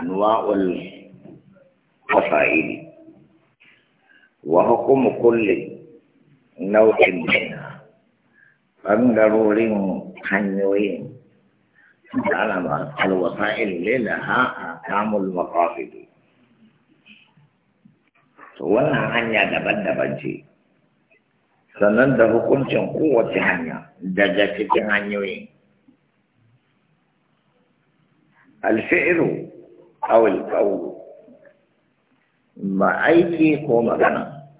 أنواع القصائد وحكم كل نوع منها ɓangarorin hanyoyin alama alwasa'il lilaha a kamul maqasidu to wannan hanya daban-daban ce sannan da hukuncin kowace hanya daga cikin hanyoyin alfi'ilu awil kawo ma aiki ko magana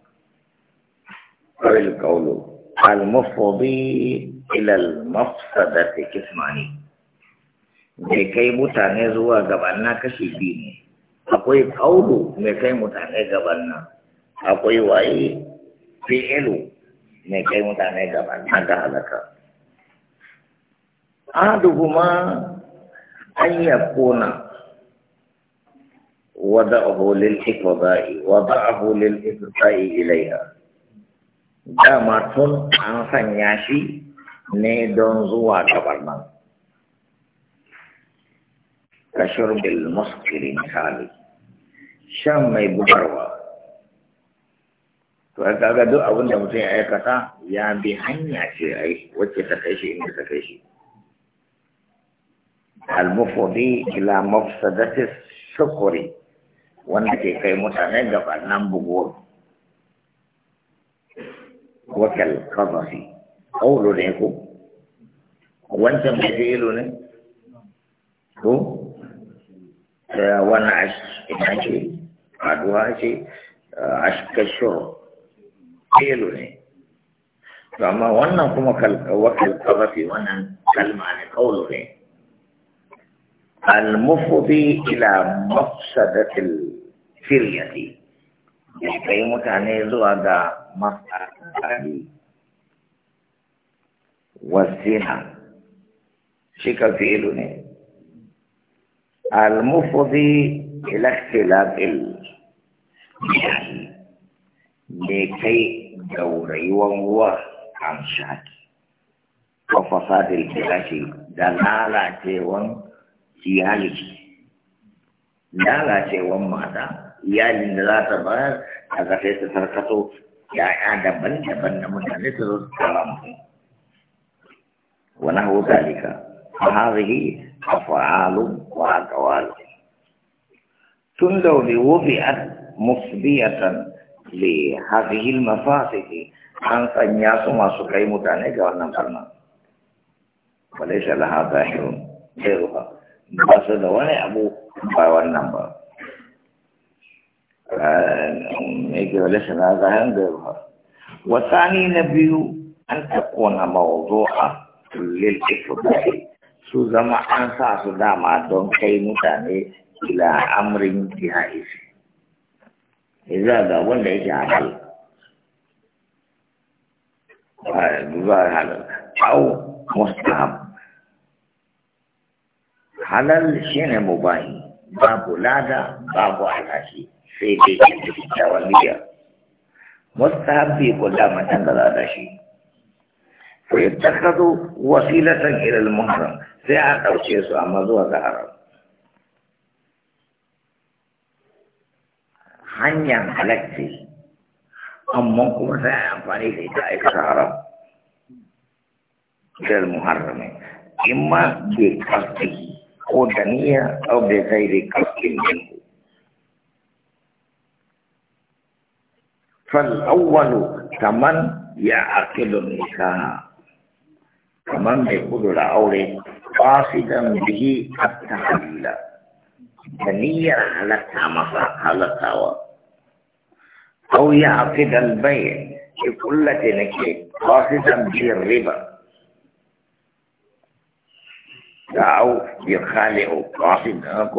awil kawo al-mafadi ilal mafsadati kismani mai kai mutane zuwa gabanna kashi biyu ne akwai kawo mai kai mutane gabanna akwai waye fi'ilu mai kai mutane gabanna ga halaka kuma an kona. wada'ahu lil hifdai wada'ahu lil iftai ilaiha dama tun an sanya shi ne don zuwa gabar nan ka shurbil shan mai bugarwa to ga duk abin da mutum ya aikata ya bi hanya ce ai wacce ta kai shi inda ta kai shi al-mufudi ila sukuri wanda ke kai mutane ga nan buguwar wakil kazafi ƙaulu ne ko wancan mai fi'ilu ne ko da wani ina ce aduwa ce ashkashur fi'ilu ne to amma wannan kuma wakil kazafi wannan kalma ne ƙaulu ne المفضي إلى مفسدة firyati ya kai mutane zuwa ga masarari wasina shi fi'ilu ne al-mufudi ila ikhtilafil biyahi ne kai gaurayiwan ruwa kan shaki wa fasadil biyahi da lalacewan iyali lalacewan mata iyalin da apa, agar bayar a ga ya ada sarkato ya'ya daban-daban na mutane su zo su tara mu wani hau zalika fa hazihi af'alu wa aqwalu tun da wani wubi'at musbiyatan li hazihi al-mafasihi an sanya su masu kai mutane ga wannan karnan وليس لها ظاهر غيرها بس ده وانا ابو يجي وليس هذا هم بيظهر نبي أن تكون موضوعا للإفضاء سوزما أنسى سداما دون كي نتاني إلى أمر جائز إذا ذا ولا يجعل أو مستحب halal shine mubahi babu lada babu alashi sai dai da kyakkyawan niyya mustahabbi ko da matan da za shi fa yattakhadhu wasilatan ila al-muharram sai a ɗauke su amma zuwa ga haram hanyar halacci amma kuma sai a amfani da ita aikata haram ila al-muharram imma bi qasdi ko da niyya aw bi ghairi qasdin minhu فالأول كمن يعقل النساء كمن يقول الأول قاصدا به التحليل ثانيا على التعمصة على التعوى أو يعقد البيع يقول لك إنك قاصدا به الربا أو يخالع قاصدا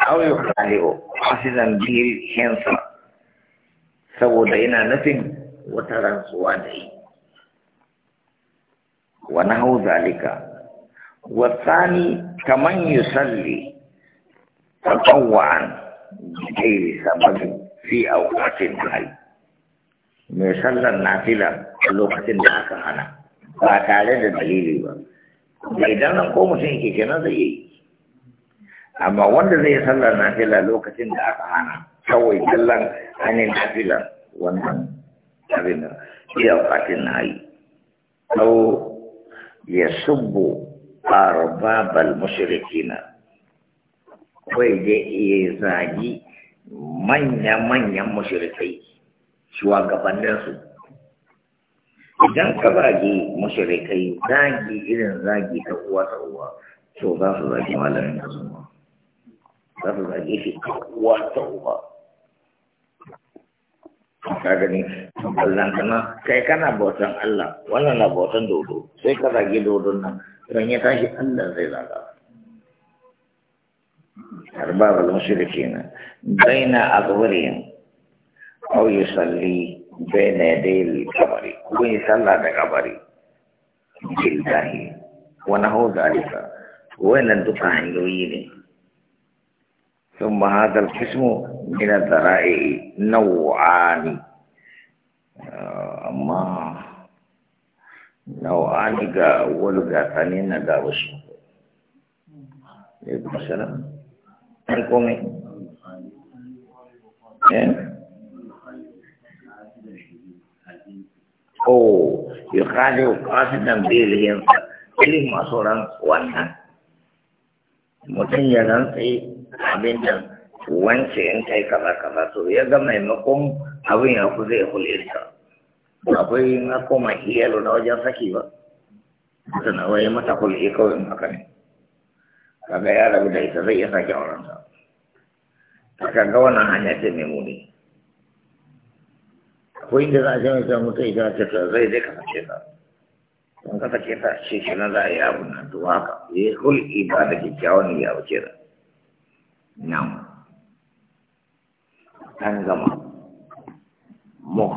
أو يخالع قاصدا به الحنصر saboda yana nufin wata rantsuwa da yi wa nahu zalika wa tsani kaman yusalli tatawwan bi sababi fi awqatin hay mai sallar nafila a lokacin da aka hana ba tare da dalili ba idan nan ko mutum yake kenan zai yi amma wanda zai sallar nafila lokacin da aka hana kawai kallon hannun nafilan wannan abin da iya fatin na yi au ya subbo arbabal mushrikina kawai da iya zagi manya-manyan mushrikai shugabanninsu idan ka zagi mushrikai zagi irin zagi ta uwa ta uwa to za su zagi malamin da suna za su zagi shi ta uwa ta uwa ka gani Allah kana kai kana bautan Allah wannan na bautan dodo sai ka zage dodo na? idan ya tashi Allah zai zaga arbab al-mushrikin baina aqwarihim aw yusalli baina ya al-qabri ko yi sallah da kabari billahi wa nahu zalika wannan duka hanyoyi ne ثم هذا القسم من الذرائع نوعان أما نوعان جاء أول جاء ثاني جاء وسط عليكم السلام عليكم Oh, yukhadiu qasidan bilhin. Ini maksudnya wannan. Mutum ya rantsi abin da wance in kai kaza kaza to ya ga maimakon abin ya ku zai hulirta akwai na koma iyalo na wajen saki ba na waye mata hulɗe kawai in haka ne kaga ya rabu da ita zai iya sake ta kaga wannan hanya ce mai muni akwai inda za a ce mai mutu ita ce ta zai zai kasance ta don kasance ta shi na za a yi abu na duwaka ya hulɗe ba da kyakkyawan ya wuce ta nan kan gama mu